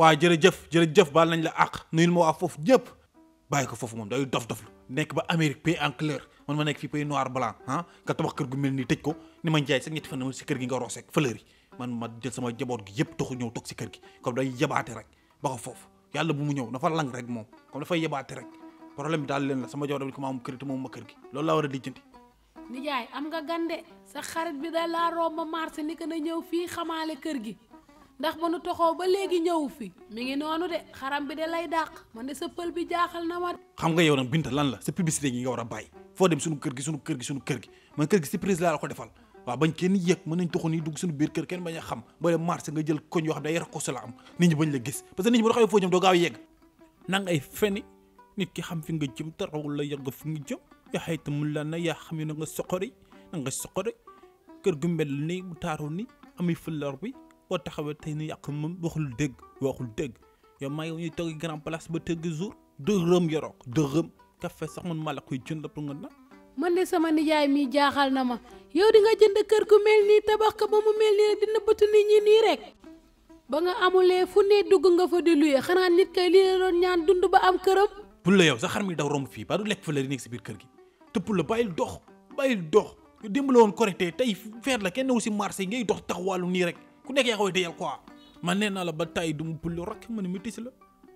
waaw jërëjëf jërëjëf baal nañ la àq nuyul ma waa foofu ñëpp bàyyi ko foofu moom day dof dof nekk ba Amérique pays en couleur man ma nekk fii pays noir blanc ah nga tabax kër gu mel nii tëj ko ni ma njaay sax ñetti fan ma ma si kër gi comme day yebaate rek ba ko foofu yàlla bu mu ñëw dafa lang rek moom comme dafay yebaate rek problème bi daal leen la sama jabar bi ko ma am kër te moom ma kër gi loolu laa war a lijjanti nijaay am nga gande sa xarit bi da laa romb ndax ba nu toxoo ba léegi ñëw fi mi ngi noonu de xaram bi de lay dàq man de sa bi jaaxal na ma. xam nga yow nag lan la sa publicité yi nga a bàyyi foo dem suñu kër gi suñu kër gi suñu kër gi man kër gi surprise laa la ko defal waaw bañ kenn yëg mën nañ toxu nii dugg a xam nga jël nit ki xam fi nga jëm te rawul la yàgg fi nga jëm yaa xayta mu na xam ne na nga soqori na nga soqori kër gu mel nii bu taaroo ni amuy fëllar bi boo taxawee tey ni yàq moom waxul dëgg waxul dëgg yow maa yow ñuy toog grand place ba tëgg jour dërëm yoroo ko dërëm kafe sax man maa la koy jënd pour nga naan. man ne sama nijaay mii jaaxal na ma yow di nga jënd kër gu mel nii tabax ko ba mu mel nii dina bëtt nit ñi nii rek. ba nga amulee fu ne dugg nga fa di luye xanaa nit kay lii la doon ñaan dund ba am këram. bul la yow sa xar mi daw romb fii ba du lekk fa la di nekk si biir kër gi tëpp la bàyyil dox bàyyil dox démb la woon korité tey feer la kenn wu si marché ngay dox taxawaalu nii rek. ku nekk yaa koy déyal quoi man nee naa la ba tay du mu pullu rakk ma ne métis la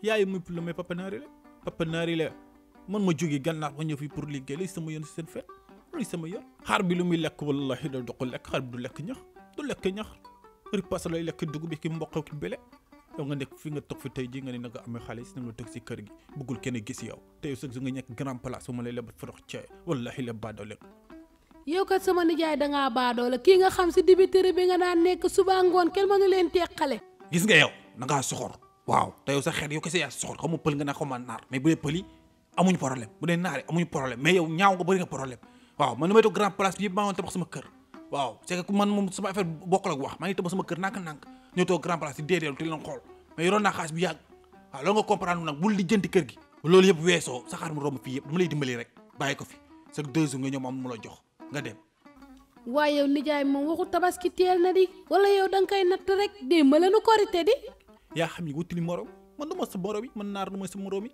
yaay muy pullu mais papa naari la papa naari la man ma jógee gànnaar ba ñëw fii pour liggéey lay sama yoon si seen fet lay sama yoon xaar bi lu muy lekk wallahi da du ko lekk xaar bi du lekk ñax du lekk ñax ripaas lay lekk dugub bi ki mboq ki bele yow nga nekk fi nga toog fi tey jii nga ne na amee xaalis na nga toog si kër gi bëggul kenn gis yow te yow sax nga nekk grand ma lay lebat farox caay yow kat sama nijaay dangaa baadoo la kii nga xam si dibiteri bi nga daan nekk suba ngoon kenn mënu leen teqale. gis nga yow dangaa soxor waaw te yow sa xeet yow kese yaa soxor xaw ma pël nga ne xaw ma naar mais bu dee pël yi amuñu problème bu dee nga bëri waaw man li may toog grand place bi yëpp maa ngi tabax sama kër waaw c'est que kër gi loolu yëpp weesoo saxaar mu romb fii yëpp dama lay dimbali rek bàyyi ko fi chaque mu la jox nga dem. waaye yow nijaay moom waxu tabaski teel na di. wala yow da nga koy natt rek démb la nu korite di. yaa xam ni wutali morom man du ma sa morom yi man naar du sa morom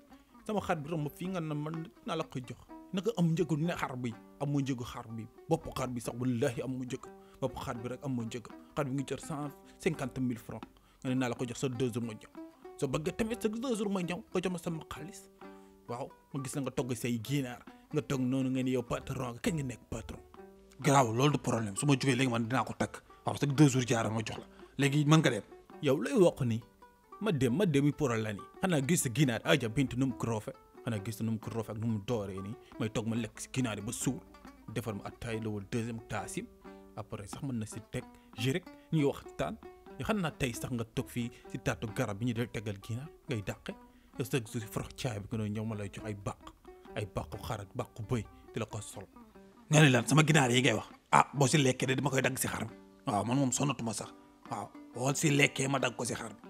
bi romb fii nga ne man naa la koy jox naka am njëgu ne xar bi amoo njëgu bi bopp xar bi sax wallaahi amoo njëg bopp xar bi rek amoo njëg xar bi ngi jar cent cinquante mille francs nga ne naa la ko jox sa deux ma ñëw soo sa deux jours ma sama xaalis waaw ma gis na nga togg say ginaar nga toog noonu ngeen yow patron kañ nga nekk patron. garaaw loolu du problème su ma jugee léegi man dinaa ko takk waaw parce que deux jours ma jox la léegi mën nga dem. yow lay wax ni ma dem ma dem demi problème yi xanaa gis ginaar aja bint nu mu kroofe xanaa gis nu mu kroofe ak nu mu dooree nii may toog ma lekk si ginaar yi ba suur defar ma attaay lawul deuxième taas après sax mën na si teg ji rek ñuy waxtaan xam naa tey sax nga toog fii si taatu garab bi ñu dee tegal ginaar ngay dàqe chaque jour si forox caay bi ma lay jox ay bàq. ay bàqu xar ak bàqu bëy di la ko sol nga ne lan sama ginaar yi ngay wax ah boo si lekkee de dama koy dagg si xar bi waaw man moom sonnatuma sax waaw wal si lekkee ma dagg ko si xar bi